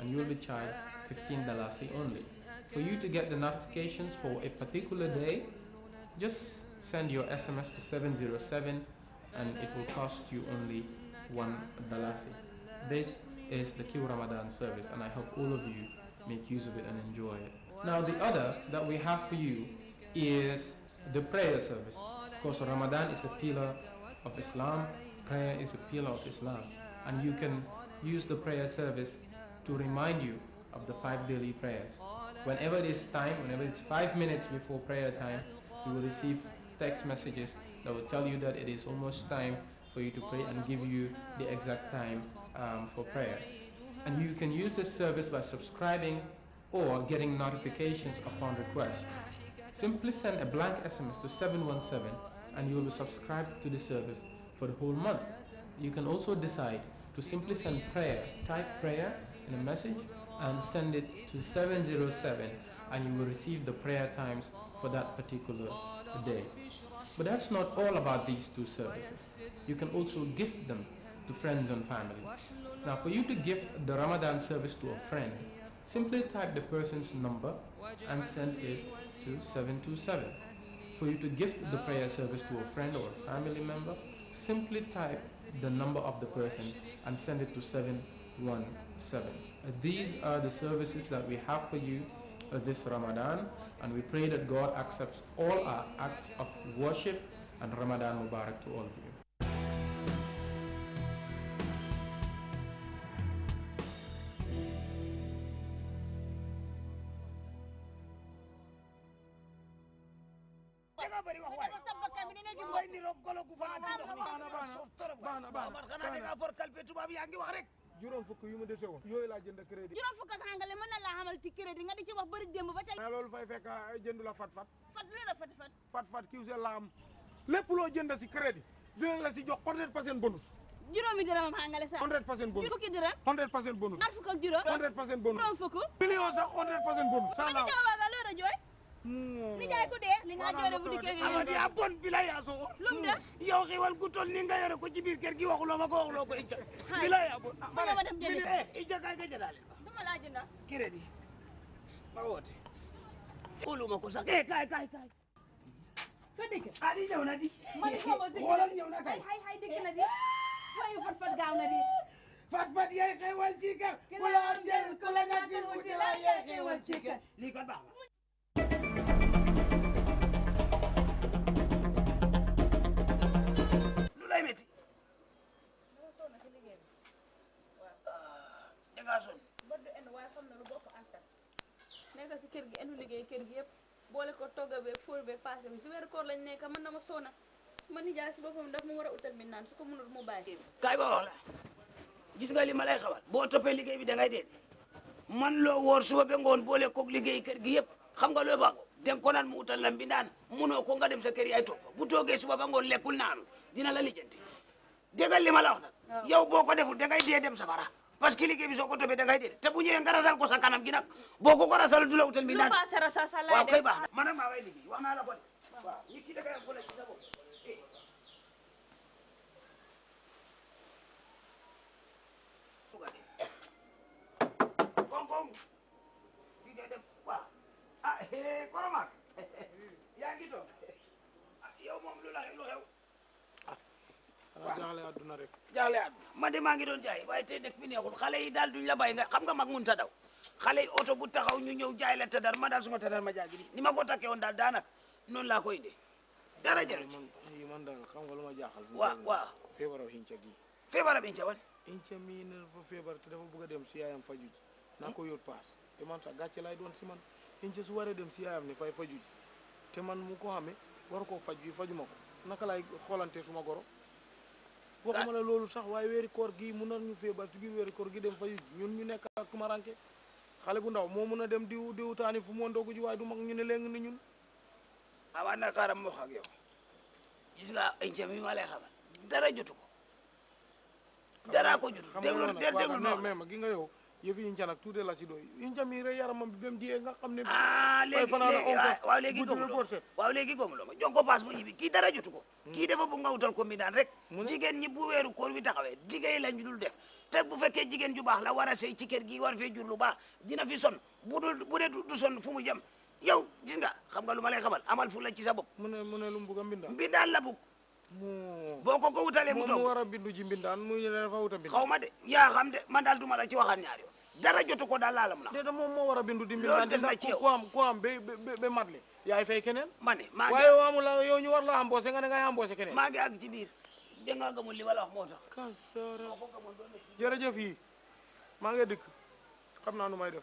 and you will be charged 15 dalasi only. For you to get the notifications for a particular day, just send your SMS to 707 and it will cost you only $1. This is the Q Ramadan service and I hope all of you make use of it and enjoy it. Now the other that we have for you is the prayer service. Of course Ramadan is a pillar of Islam, prayer is a pillar of Islam and you can use the prayer service to remind you of the five daily prayers. Whenever it is time, whenever it's five minutes before prayer time, you will receive text messages that will tell you that it is almost time for you to pray and give you the exact time um, for prayer. And you can use this service by subscribing or getting notifications upon request. Simply send a blank SMS to 717 and you will be subscribed to the service for the whole month. You can also decide to simply send prayer, type prayer in a message and send it to 707 and you will receive the prayer times for that particular day. But that's not all about these two services. You can also gift them to friends and family. Now for you to gift the Ramadan service to a friend, simply type the person's number and send it to 727. For you to gift the prayer service to a friend or a family member, simply type the number of the person and send it to 717. 7. These are the services that we have for you this Ramadan and we pray that God accepts all our acts of worship and Ramadan Mubarak to all of you. juróom fukk yu ma dese woon yooyu laa jënd crédit juróom fukk ak àngale mën na laa xamal ci crédit nga ba tey fekk ah, jëndu la fat fat fat fat fat fat fat loo jënd si crédit dinañ la si jox hundred percent bonus juróomi dërëm am àngale sax hundred percent bonus fukki fukk ak hundred percent bonus juróom fukk million sax hundred percent ni jaay ko dee li nga joore bu dikkee nga amadi so lum hmm. da iya, yow xewal gu tol ni nga yore ko ci biir kër gi waxuloo ma ko waxuloo ko icca bilay ya bon ba ma dem Eh, icca kay nga jëndale dama laa jënda crédit ma woote xooluma ko sax eh kay kay kay ka dikk ah di ñëw na di man ko ma dikk xoolal ñëw na kay hay hay dikk na di wayu fat fat gaaw na di fat fat yay xewal ci kër ku la am jël ku la ñàkkil wuti la yay xewal ci kër lii ko baax metti dangaa sonn bët du enu waaye xam na lu bokk antal nekk si kër gi enu liggéey kër gi yëpp boole ko togga beeg fóor beeg paase bi si weeru koor lañ nekk mën na ma soona ma nijaay si boppam daf mu war a utal mi naan su ko mënul mu bàyyi kaay ba wax la gis nga li ma lay xawal boo toppee liggéey bi da ngay dee man loo woor suba ba ngoon boole koog liggéey kër gi yëpp xam nga loo baax den ko mu utal lam bi munoo ko nga dem sa kër yaay toog bu toogee suba ba ngoon lekkul naanu dina la lijjanti déggal li ma la wax yow boo ko deful dangay dee dem safara parce que liggéey bi soo ko toppee dangay dee te bu ñëwee nga rasal ko sa gi nag boo ko ko rasal du la utal mi naan waaw koy baax man nag maa way liggéey wax naa la ko waaw nit ki dangay am eh. ko waaw jaaxle àdduna rek jaaxle àdduna man de maa ngi doon jaay waaye tey dëkk bi neexul xale yi daal duñ la bàyyi nga xam nga mag mun ta daw xale yi oto bu taxaw ñu ñëw jaay la tadar ma daal suma tadar ma jaagi ni ma ko takkee woon daal daanaka noonu laa koy indee dara jarut yi man daal xam nga lu ma jaaxal waaw waaw feebar ab hinca gi feebar ab hinca wan hinca mii ne dafa feebar te dafa bëgg dem si yaayam faju ji naa ko yóot paas te man sax gàcce lay doon si man hinca su waree dem si yaayam ne fay faju ji te man mu ko xamee war koo faj bi faju ma ko naka laay xoolante suma goro waxuma la loolu sax waaye weeri koor gi mun nañu feebar ci biir weeri koor gi dem fay ñun ñu nekk ak tumaranke xale bu ndaw moo mun a dem di diwu taani fu mu ndoogu ji waaye du mag ñu ne léegi ni ñun awaa ah, nakaaram moo wax ak yow gis nga incam yi ma lay xamal dara jotu ko dara ko jotu déglu déglu mais mais gi nga yow yëf yi nca nag tuuti la si doy yi nca mi rek yaramam bi bem diyee nga xam ne ah léegi ah, waaw léegi gomuloo waaw léegi gomuloo ma jox ko paas mu ñibbi kii dara jotu ko hmm. kii dafa bu nga wutal ko mi daan rek jigéen ñi bu weeru koor wi taxawee liggéey lañ dul def te bu fekkee jigéen ju baax la war a sey ci gi war fee jur lu baax dina fi son bu dul bu dee du son fu yow gis nga xam nga lu ma lay xamal amal fu la ci sa bopp mu ne mu ne lu mu bugg a mbindaan mbindaan la bugg boo ko ko wutalee mu toog mu war a bindu ji mbindaan mu ne dafa wut a bind xaw ma de yaa xam de man daal duma la ci waxaat ñaar yoon dara jot ko daal laa la mun a déedéet moom moo war a bindu di mbindaan loolu des na ci yow ku am ku am mat li yaay fay keneen ma maa ngi waamu la yow ñu war la embauché nga ne ngay embauché keneen maa ngi ak ci biir da nga gëmul li ma la wax moo tax kasara jërëjëf yi maa ngi dikk xam naa nu may def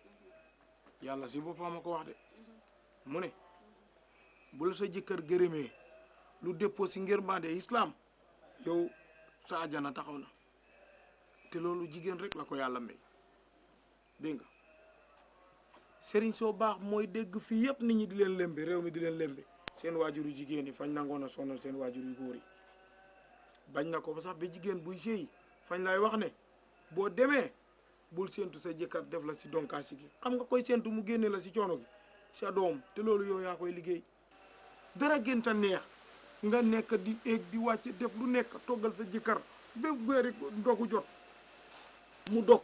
yalla si bopam ma ko wax de muné ne bu sa jëkër gërëmé lu déppo ci ngir islam yow sa natakona, taxaw na té lolu jigen rek la ko yàlla may dégg nga sëriñ soo baax mooy dégg fi yépp nit ñi di leen lembé réew mi di leen lembé seen wajuru jigen jigéen yi fañ nangoon sonal seen wajuru goor yi bañ na ko sax jigen buy sey fañ lay wax né bo démé bul sentu sa jëkkër def la si donkaasi gi xam nga koy sentu mu génne la si ciono gi sa dom te lolu yow ya koy liggéey dara gën ta neex nga nekk di ek di wacc def lu nekk togal sa jëkkër be weeri ndogu jot mu dog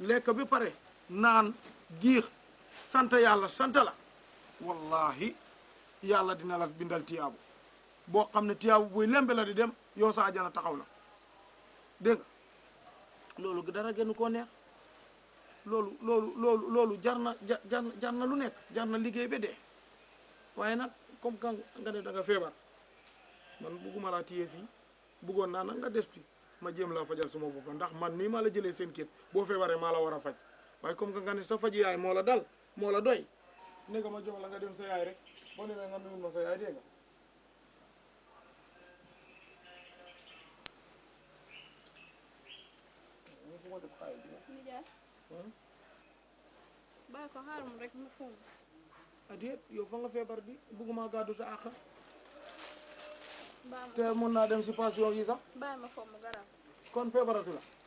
lek bi pare nan giix sante yalla sante la wallahi yalla dina la bindal tiyabu bo xam ne boy lembe la di dem yow sa jana taxaw na Deng, lolu loolu dara gënu ko neex loolu loolu loolu loolu jar na jar na jar na lu nekk jar na liggéey ba dee waaye nag comme kan nga ne da feebar man bugguma laa tiye fii buggoon naa nag nga des ci ma jéem laa fajal suma bopp ndax man nii maa la jëlee seen kër boo feebaree maa la war a faj waaye comme que nga ne sa faj yaay moo la dal moo la doy ne nga ma jox la nga dem sa yaay rek boo demee nga nuyul ma sa bàyyi ko xaaral moom rek mu fóon. adéet yow fa nga feebar bi bugguma gàddu sa àq. te mun naa dem si pension yi sax. bàyyi ma foofu mu garab. kon feebaratu la.